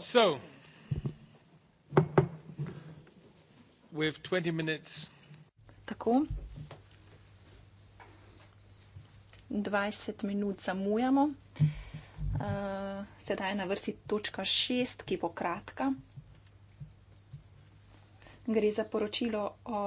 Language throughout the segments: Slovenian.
So, with 20 minutes. Tako. 20 minut zamujamo. Uh, sedaj je na vrsti točka 6, ki bo kratka. Gre za poročilo o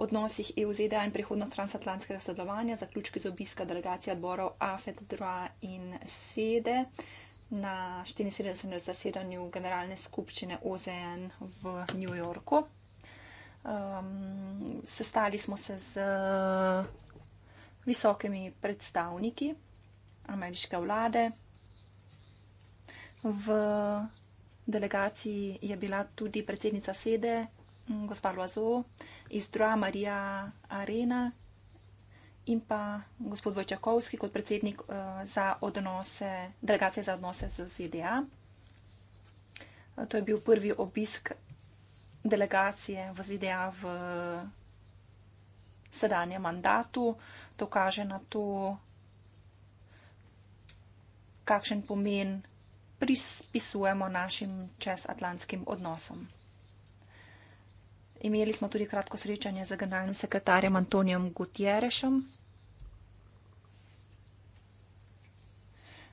odnosih EU-ZDA in prihodnost transatlantskega sodelovanja, zaključki z obiska delegacije odborov AFED-2 in SEDE. Uh, na 74. zasedanju generalne skupščine OZN v New Yorku. Um, sestali smo se z uh, visokimi predstavniki ameriške vlade. V delegaciji je bila tudi predsednica sede, gospa Loazo, iz Drua Maria Arena, in pa gospod Vojčakovski kot predsednik eh, za odnose, delegacije za odnose z ZDA. Eh, to je bil prvi obisk delegacije v ZDA v sedanjem mandatu. To kaže na to, kakšen pomen prispisujemo našim čezatlantskim odnosom. Imeli smo tudi kratko srečanje z generalnim sekretarjem Antonijem Gutierrešem.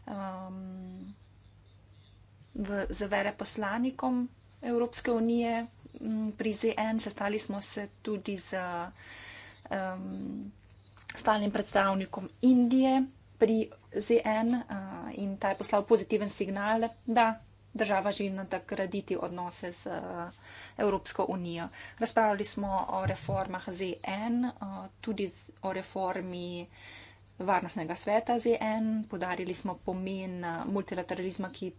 Um, v, z vere poslanikom Evropske unije m, um, pri ZN sestali smo se tudi z um, stalnim predstavnikom Indije pri ZN uh, in ta je poslal pozitiven signal, da država želi nadgraditi odnose z eh, Evropsko unijo. Razpravljali smo o reformah ZN, eh, tudi o reformi Varnostnega sveta ZN, podarili smo pomen eh, multilateralizma, ki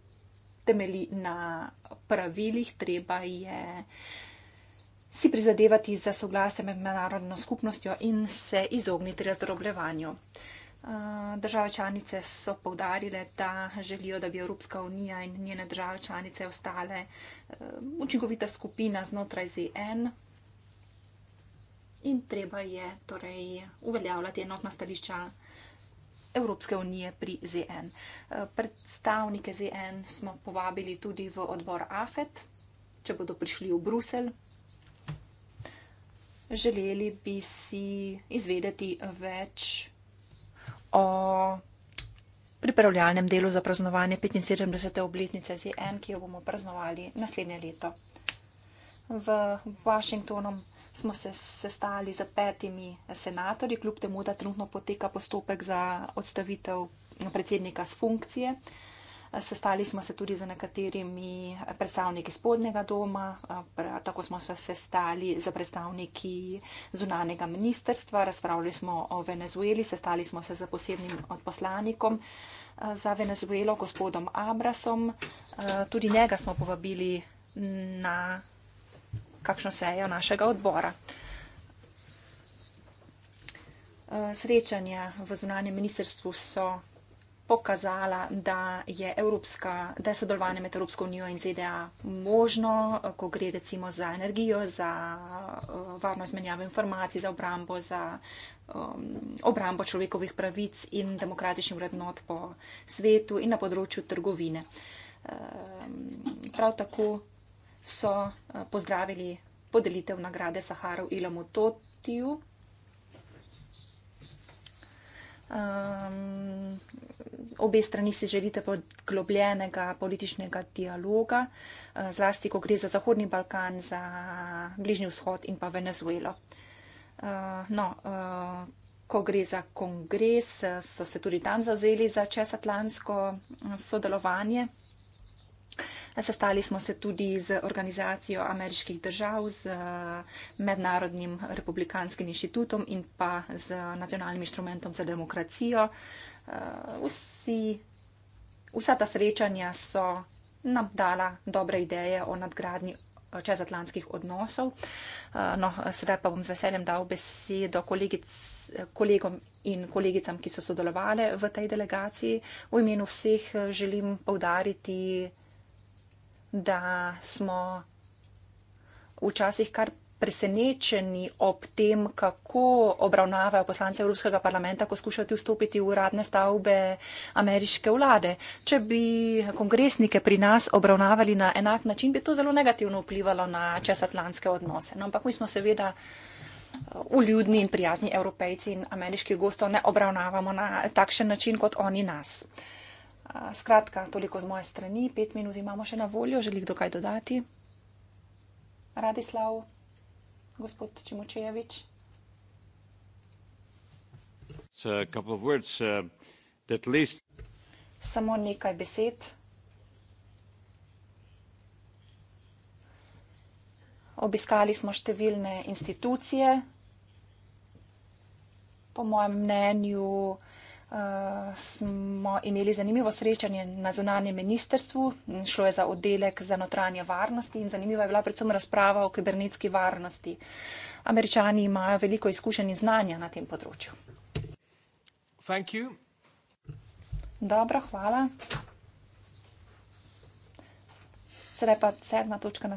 temeli na pravilih, treba je si prizadevati za soglasje med mednarodno skupnostjo in se izogniti razdrobljevanju. Eh, države članice so povdarile, da želijo, da bi Evropska unija in njene države članice ostale eh, učinkovita skupina znotraj ZN. In treba je torej uveljavljati enotna stališča Evropske unije pri ZN. Eh, predstavnike ZN smo povabili tudi v odbor AFET, če bodo prišli v Brusel. Želeli bi si izvedeti več o pripravljalnem delu za praznovanje 75. obletnice ZN, ki jo bomo praznovali naslednje leto. V Washingtonu smo se sestali z petimi senatorji, kljub temu, da trenutno poteka postopek za odstavitev predsednika z funkcije. Uh, Sestali smo se tudi z nekaterimi predstavniki spodnega doma, tako smo se sestali z predstavniki zunanega ministerstva, razpravljali smo o Venezueli, sestali smo se z posebnim odposlanikom eh, za Venezuelo, gospodom Abrasom. Eh, tudi njega smo povabili na kakšno sejo našega odbora. Eh, srečanja v zunanjem ministerstvu so pokazala, da je evropska, da je sodelovanje med Evropsko unijo in ZDA možno, ko gre recimo za energijo, za eh, varnost menjave informacij, za obrambo, za um, obrambo človekovih pravic in demokratičnih vrednot po svetu in na področju trgovine. Um, prav tako so eh, pozdravili podelitev nagrade Saharov Ilomu Totiju. Um, ehm, obe strani si želite poglobljenega političnega dialoga, eh, zlasti, ko gre za Zahodni Balkan, za Bližnji vzhod in pa Venezuelo. Uh, no, uh, Ko gre za kongres, so se tudi tam zauzeli za čezatlantsko sodelovanje. Sestali smo se tudi z organizacijo ameriških držav, z Mednarodnim republikanskim inštitutom in pa z nacionalnim inštrumentom za demokracijo. Eh, vsi, vsa ta srečanja so nam dala dobre ideje o nadgradnji eh, čezatlantskih odnosov. Eh, no, sedaj pa bom z veseljem dal besedo kolegic, kolegom in kolegicam, ki so sodelovali v tej delegaciji. V imenu vseh želim povdariti, da smo včasih kar presenečeni ob tem, kako obravnavajo poslance Evropskega parlamenta, ko skušajo vstopiti v uradne stavbe ameriške vlade. Če bi kongresnike pri nas obravnavali na enak način, bi to zelo negativno vplivalo na čezatlantske odnose. No, ampak mi smo seveda uljudni eh, in prijazni evropejci in ameriških gostov ne obravnavamo na takšen način kot oni nas. Uh, skratka, toliko z moje strani, pet minut imamo še na voljo, želi kdo kaj dodati? Radislav, gospod Čimočejevič. Uh, Samo nekaj besed. Obiskali smo številne institucije, po mojem mnenju, Eh, smo imeli zanimivo srečanje na zunanjem ministrstvu, šlo je za oddelek za notranje varnosti in zanimiva je bila predvsem razprava o kibernetski varnosti. Američani imajo veliko izkušenj in znanja na tem področju. Dobro, hvala. Sedaj pa sedma točka na